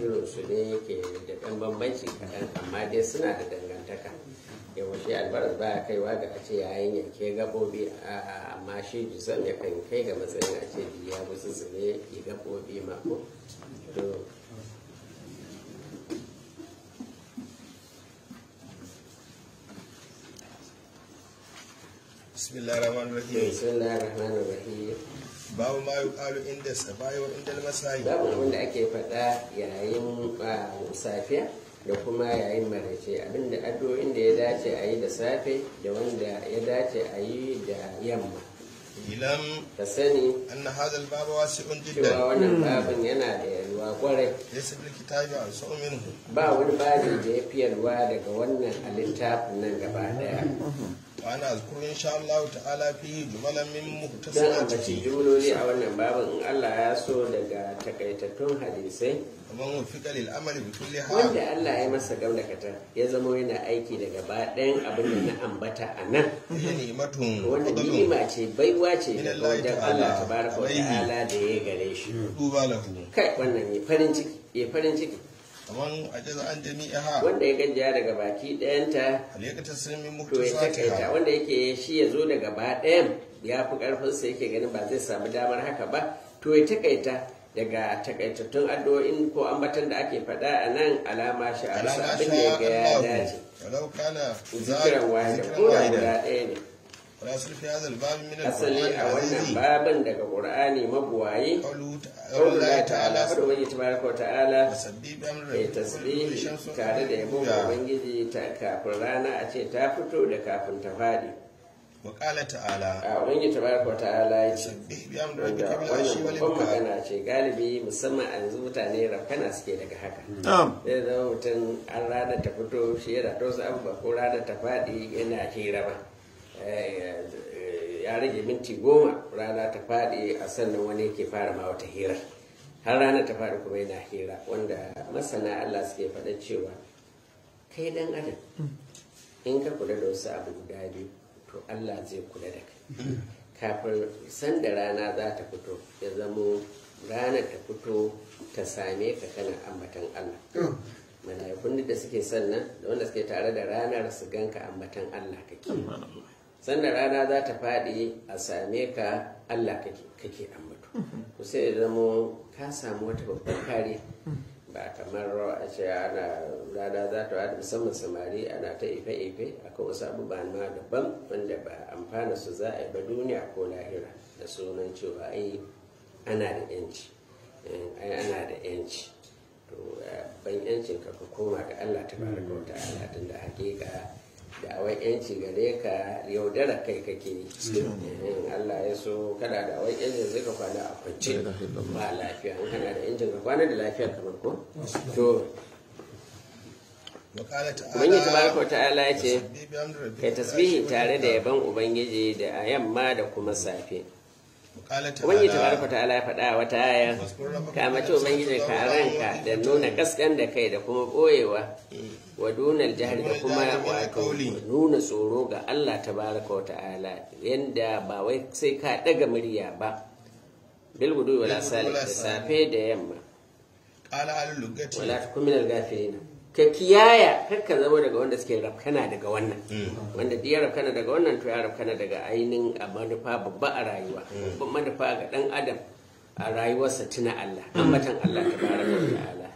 tasirin su ne yake da ɗan bambanci kaɗan amma dai suna da dangantaka yawa shi albaras baya kaiwa ga a ce yayin yanke gabobi amma shi jisan ya kan kai ga matsayin a ce ya wasu ne ya gabobi mako Bismillahirrahmanirrahim. Bismillahirrahmanirrahim. babu ma yuqalu inda inda masayi babu abin ake faɗa yayin ah, safiya da kuma yayin maraice abinda ado inda ya dace a yi da safe da wanda ya dace a yi da yamma ka sani anna hadha al wasi'un jiddan cewa wannan babin yana da yalwa kwarai yasa bil kitabi an so minhu ba wani babin da ya fi yalwa daga wannan littafin nan gaba daya ana azkuru insha Allah ta'ala fi jumalan min muhtasarati fi jumloli a wannan babin in Allah ya so daga takaitattun hadisai kaman fi kalil amali bi kulli hal wanda Allah ya masa gauda kata ya zama yana aiki da gaba ɗayan abin da na ambata a nan ni'matun wanda ni'ima ce baiwa ce da yardan Allah ta baraka wa ta'ala hmm. kai wannan ya farin ciki wanda ya gajiya daga baki dayanta aliyakata sirmi muktasatiha wanda yake shi ya zo daga ba dayan ya fi karfin sa yake ganin ba zai samu damar haka ba to ya takaita daga takaitattun addu'o'in ko ambatan da ake faɗa a nan alama shi a abin da ya ga ya dace zikiran wahida ko da guda ɗaya ne asali a wannan babin daga Al-Qur'ani mabuwaye ƙaunar ta'ala su wani tabaraka wa ta'ala ya tasbihi tare da yabon ubangiji ta kafin rana a ce ta fito da kafin ta faɗi ta'ala a wani tabaraka wa ta'ala ya ce wanda wannan babban magana ce galibi musamman a yanzu mutane rafkana suke daga haka hmm. zai zama mutum an rana ta fito shi yana tosa abubuwa ko rana ta faɗi yana hira ba Eh, ya rage minti goma rana ta faɗi a sannan wani yake fara ma wata hira har rana ta faɗi kuma yana hira wanda masana Allah suke faɗa cewa kai dan adam in ka kula da wasu abu guda biyu to Allah zai kula da kai kafin san da rana za ta fito ya zamo ranar ta fito ta same ka kana ambatan Allah mala'ikun da suke sannan da wanda suke tare da ranar su ganka ambatan Allah kake Sannan rana za ta faɗi a same ka allah kake mutu ku sai zamo ka samu wata babbar kare ba kamar a ce ana rana za ta faɗi musamman samari ana ta ife-ife a kawo wasu abubuwa ma daban wanda ba amfana su za a yi ba duniya ko lahira da sunan cewa ai ana da yanci eh, ai ana da yanci to eh, ban yancin ka koma ga allah ta baraka wata ala tun da hakika dawai yanci gare ka yaudara kai kake yi in eh, Allah ya so kana da wai yanci zai ka kwana a kwance ba lafiya in kana da yanci ka kwana da lafiya kamar ko to Ubangiji tabaraka ta'ala ya ce kai tasbihi tare da yaban ubangiji da a yamma da kuma safe ubangiji ta ta'ala ya faɗa wata aya ka mace ubangiji ka ranka da nuna kaskan da kai da kuma boyewa wa jihar jahil da kuma wato nuna tsoro ga Allah ta tabaraka wa ta'ala yanda ba wai sai ka ɗaga murya ba bil gudu wala salik da safe da yamma wala tukuminal gafilina ka kiyaya kar ka zama daga wanda suke rafkana daga wannan mm. wanda ya rafkana daga wannan to ya rafkana daga ainihin a manufa babba a rayuwa mm. babban manufa ga dan adam a rayuwarsa tuna Allah ambatan mm. Allah ta da ta'ala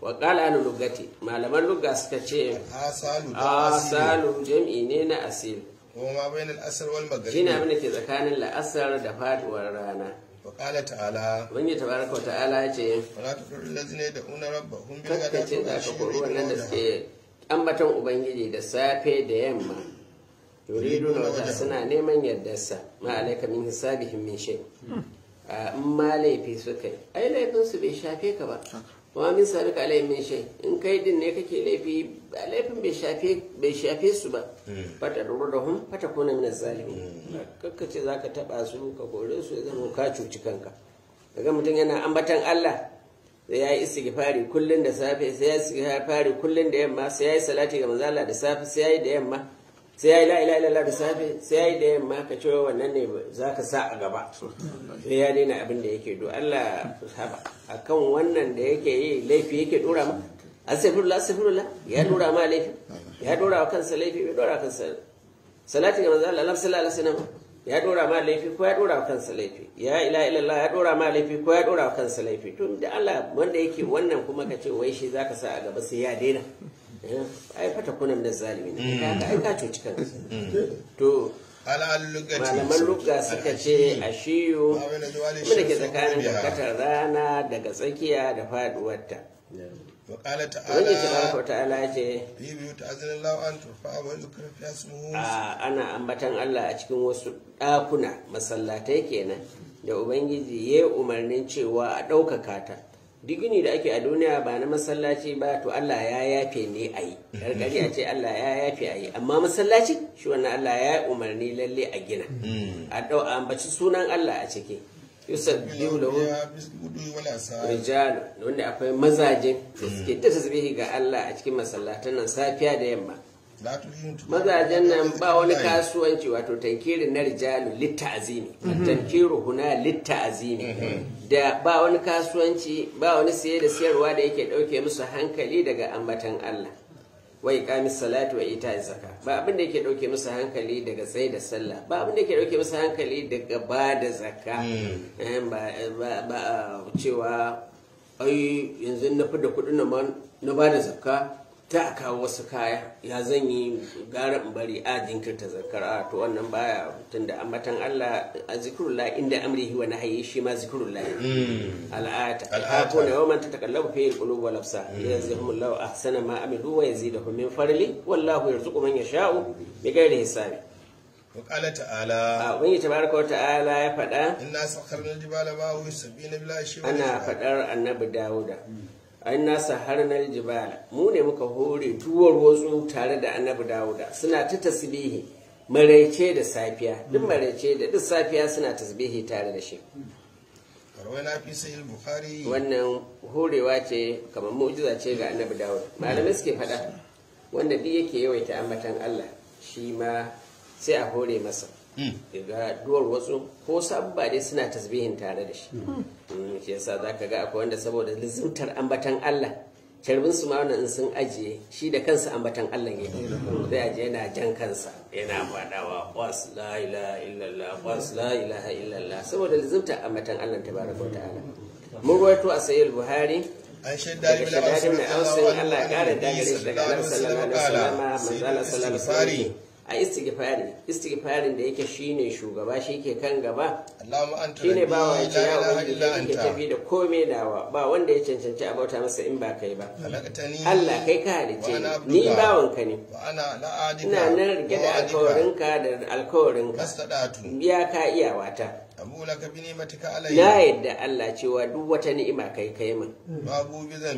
wa qala al lugati malaman lugga suka ce asalu jam'i ne na asil kuma ma bainal asr wal maghrib shine abin da ke tsakanin la'asar da faduwar rana Kala ta'ala. Ubangi tabaraka wa ta'ala ya ce. kakace da aka kori wannan da suke ambatan ubangiji da safe da yamma. Yuridu na wata suna neman yardarsa ma alaika min hisabihim min shay. Hmm. Ah, in ma laifi suka yi. Ai laifin su bai shafe ka ba. wa min ka alayhi min shay in kai din ne kake laifi laifin bai shafe su ba hmm. fata da hun, fata kuna min zalimi hmm. kakka ce zaka taba su ka kore su ya zama ka cuci kanka daga mutum yana ambatan Allah sai ya yi istighfari kullun da safe sai ya yi istighfari kullun da yamma sai ya yi salati ga mazala da safe sai ya yi da yamma sai ya yi la'ila ilala da safe sai ya yi da yamma ka cewa wannan ne za ka sa a gaba sai ya daina abin da yake do Allah saba a kan wannan da yake yi laifi yake dora ma asafirula asafirula ya dora ma laifi ya dora wa kansa laifi bai dora kansa salati ga manzo Allah lafi sallallahu ya dora ma laifi ko ya dora wa kansa laifi ya ila illallah ya dora ma laifi ko ya dora wa kansa laifi to da Allah wanda yake wannan kuma ka ce wai shi zaka sa a gaba sai ya daina Eh, ai fata kuna min zalimi mm. kaga ai ka cuci kan mm. to malaman lugga suka ce a shiyu da ke tsakanin dakatar rana daga tsakiya da faduwarta Wani ce biyut azlallahu an turfa ana ambatan Allah a cikin wasu dakuna masallatai kenan da ubangiji ya umarnin cewa a ɗaukaka ta digini da ake a duniya ba na masallaci ba to Allah ya yafe ne a yi karkari a ce Allah ya yafe a yi amma masallaci shi wannan Allah ya umarni lalle a gina a ɗau a ambaci sunan Allah a ciki yusuf biyu da rijalu wanda akwai mazajen da suke ta tasbihi ga Allah a cikin masallatan nan safiya da yamma mazajen nan ba wani kasuwanci wato tankirin na rijalu litta azimi mhm. tankiru huna litta azimi mhm. da ba wani kasuwanci ba wani saye da sayarwa da yake dauke musu hankali daga ambatan Allah wa kamis salatu wa ita'iz zaka. ba abin da yake dauke musu hankali daga tsaye da sallah ba abin da yake dauke musu hankali daga ba da zaka mhm. eh, ba cewa ai yanzu na fi da kuɗin na ba da zaka ta aka kawo wasu kaya ya zan yi gara in bari a Zakar a to wannan baya tun da amatan Allah a zikirullah inda amrihi wa nahyi shi ma zikirullah mm. al'ata al'ata ne yawman tatakallabu fi al-qulub wal absar mm. yazihumullahu ahsana ma amilu wa yazidahum min farli wallahu yarzuqu man yasha'u bighairi hisabi وقال تعالى وإن تبارك وتعالى يا فدا إنا سخرنا الجبال معه يسبحن شيء أنا فدار النبي داوود an nasa harnal jibala mu ne muka hore tuwar wasu tare da annabi dawuda suna ta tasbihi maraice da safiya duk maraice da duk safiya suna tasbihi tare da shi wannan horewa ce kamar mu'jiza ce ga annabi dawuda malamai suke faɗa wanda duk yake yawaita ambatan allah shi ma sai a hore masa Hmm. ga duwar wasu ko sabu ba dai suna tasbihin tare da shi hmm. Hmm, shi yasa za ka ga akwai wanda saboda lizimtar ambatan Allah carbin su ma wannan in sun ajiye shi da kansa ambatan Allah ne zai ajiye yana jan kansa yana faɗawa was la ilaha illallah was la ilaha illallah saboda lizimtar ambatan Allah tabaraka wa ta'ala mun ruwaito a sayyid buhari aishin dari bin ausin Allah ya kare dagare daga Allah sallallahu alaihi wasallam manzo Allah a istighfari istighfarin da yake shine shugaba shi ke kan gaba shine ba wa ya da yake tafi da komai nawa ba wanda ya cancanci a bauta masa in ba kai ba Allah kai ka halice ni bawon ka ne ina nan rike da alkawarinka da alkawarinka ya ka wata na yadda Allah cewa duk wata ni'ima kai kai min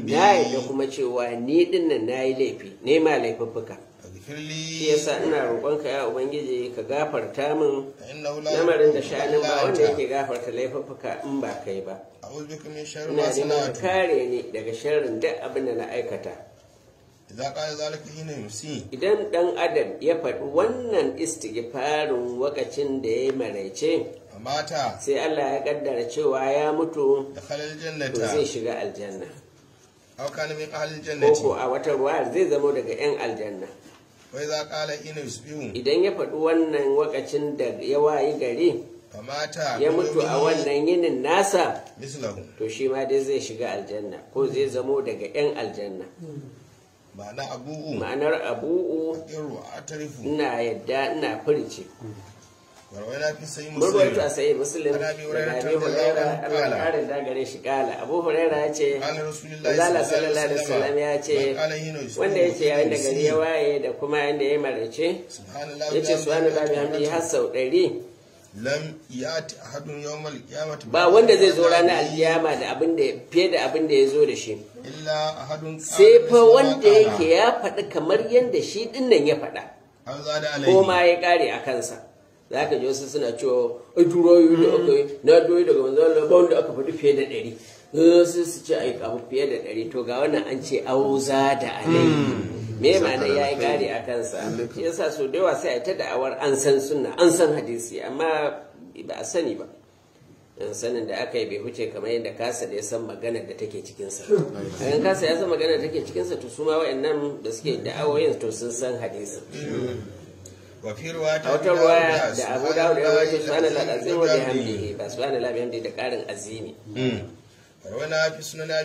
na yadda kuma cewa ni dinnan na yi laifi ne ma laifuffuka shi yasa ina roƙonka ya ubangiji ka gafarta min lamarin da sha'anin ba wanda yake gafarta laifuffuka in ba kai ba ina neman kare ni daga sharrin duk abin da na aikata idan dan adam ya faɗi wannan istighfarin wakacin da ya maraice sai Allah ya kaddara cewa ya mutu to zai shiga aljanna ko a wata ruwa zai zama daga 'yan aljanna wai za idan ya faɗi wannan wakacin da ya wayi gari kamata ya mutu a wannan yinin nasa to shi ma dai zai shiga aljanna ko zai zamo daga 'yan aljanna ma'anar abu'u ma'anar yadda ina furce warwara fi sai musulun warwara sai musulun ana bi wurare ta dagare shi ƙala abu hurera ya ce zala sallallahu alaihi wasallam ya ce wanda ya ce yayin da gari ya waye da kuma yanda ya marace ya ce subhanallah bihamdi har sau ɗari ba wanda zai zo ranar alkiyama da abin da fiye da abin da ya zo da shi sai fa wanda yake ya faɗi kamar yadda shi dinnan ya faɗa ko ma ya ƙare a kansa za ka ji wasu suna cewa ai yi da aka yi na doyi daga manzo Allah ba wanda aka faɗi fiye da ɗari wasu su ce ai abu fiye da ɗari to ga wannan an ce auza da alayhi me ma'ana ya yi gari a kansa yasa so da yawa sai a ta da'awar an san sunna an san hadisi amma ba a sani ba sanin da aka yi bai huce kamar yadda kasa da ya san magana da take cikinsa a kasa ya san magana da take cikinsa to su ma wa'annan da suke da'awoyin to sun san hadisi a wata ruwaya da abu dawud ya wato subhanallahi alazim wa bihamdihi ba subhanallahi bihamdihi da karin azimi rawana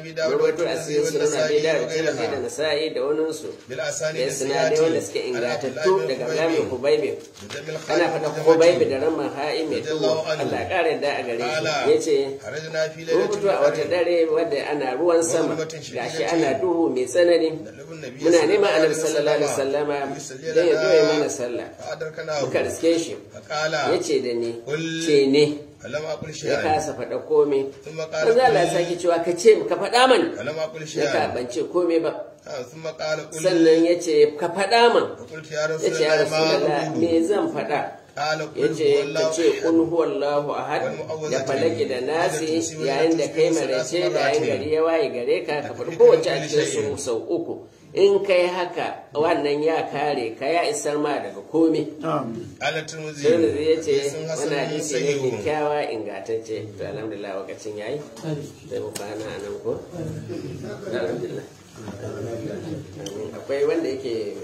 fi da rawaito a cikin sunan abi da tirmidhi da da wani su bil asani da wanda suke ingantattu daga lamin hubaybi ana fata hubaybi da ramma ha'imi to Allah kare da a gare shi yace mun fito a wata dare wadda ana ruwan sama gashi ana duhu mai tsanani muna neman annabi sallallahu alaihi wasallama dan ya zo mana sallah muka riske shi yace da ni ce ne ya kasa faɗa komai manzo Allah ya sake cewa ka ce ka faɗa man ya ban ce komai ba sannan ya ce ka faɗa man ya ce ya rasulullah me zan faɗa ya ce ka ce kun huwallahu ahad da falaki da nasi yayin da kai ce da yayin gari ya waye gare ka ka faɗi kowace a cikin su sau uku in kai haka wannan ya kare ka ya isar ma daga komi turmuzi ya ce wani hadisi ne kyakkyawa ingatacce to alhamdulillah wakacin yi zai mu kwana a nan ko alhamdulillah akwai wanda yake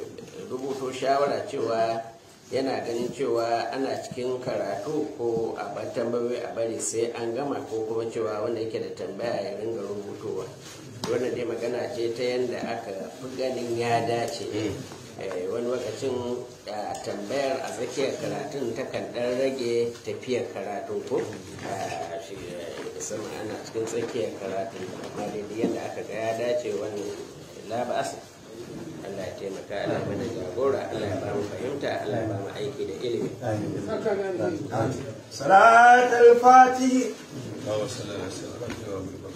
rubuto shawara cewa yana ganin cewa ana cikin karatu ko a tambayoyi a bari sai an gama ko kuma cewa wanda yake da tambaya ya ringa rubutowa wannan dai magana ce ta yadda aka fi ganin ya dace hmm. eh, wani lokacin tambayar a tsakiyar karatun ta kan dan rage tafiyar karatun ko hmm. a eh, sama ana cikin tsakiyar karatun amma daidai yadda aka ga ya dace wani labasa Allah ya taimaka Allah ya jagora Allah ya bamu fahimta Allah ya bamu aiki da ilimi salatul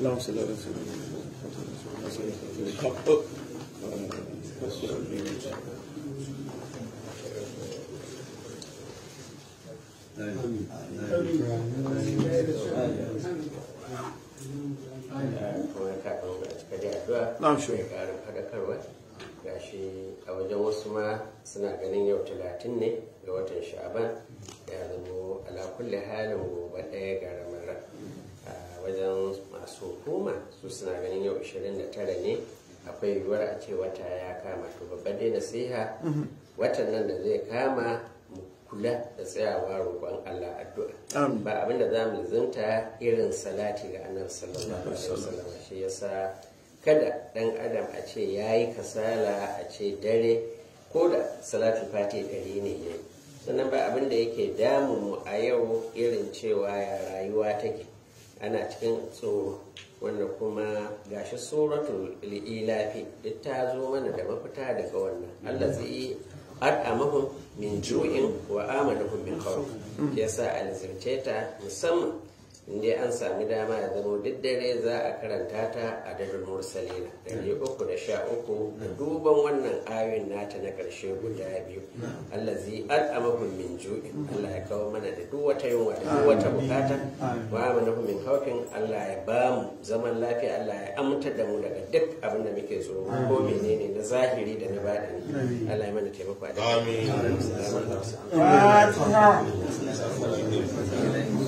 اللهم صل على سيدنا الحق آمين Na'am shi. Ƙarin faɗakarwa ga shi a wajen wasu ma suna ganin yau talatin ne ga watan sha'aban da zama ala kulli halin gobe ɗaya ga ramadan a wajen kaso goma su suna ganin yau 29 ne akwai yiwuwar a ce wata ya kama to babban dai nasiha mm-hmm. watan nan da zai kama mu kula da tsayawa roƙon Allah addu'a ba abin da za mu zunta irin salati ga annabi sallallahu alaihi wasallam shi yasa kada dan adam a ce yayi kasala a ce dare ko da salati fati dare ne yayi sannan ba abin da yake damu mu a yau irin cewa ya rayuwa take ana cikin tsoro wanda kuma gashi suratul ililafi duk ta zo mana da mafita daga wannan Allah zai at'amahum min ju'in wa amanahum min khawf yasa alzirce ta musamman inda an sami dama ya zama duk dare za a karanta ta a dadin mursalina ɗari uku da sha uku da duban wannan ayoyin nata na ƙarshe guda biyu Allah zai al'amakun min juɗi Allah ya kawo mana da duk wata yunwa da duk wata bukata wa mu kuma min haufin Allah ya ba mu zaman lafiya Allah ya amintar da mu daga duk abin da muke so ko menene na zahiri da na batini Allah ya mana taimako a duk. Amin.